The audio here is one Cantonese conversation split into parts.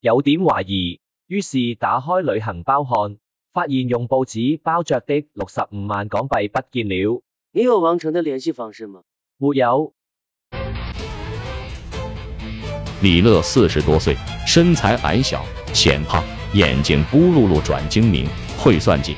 有點懷疑，於是打開旅行包看，發現用報紙包着的六十五萬港幣不見了。你有王成的聯繫方式嗎？沒有。李樂四十多歲，身材矮小，顯胖，眼睛咕嚕嚕嚕轉，精明，會算計。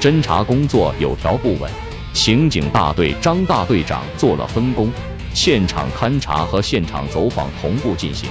偵查工作有條不紊，刑警大隊張大隊長做了分工，現場勘查和現場走訪同步進行。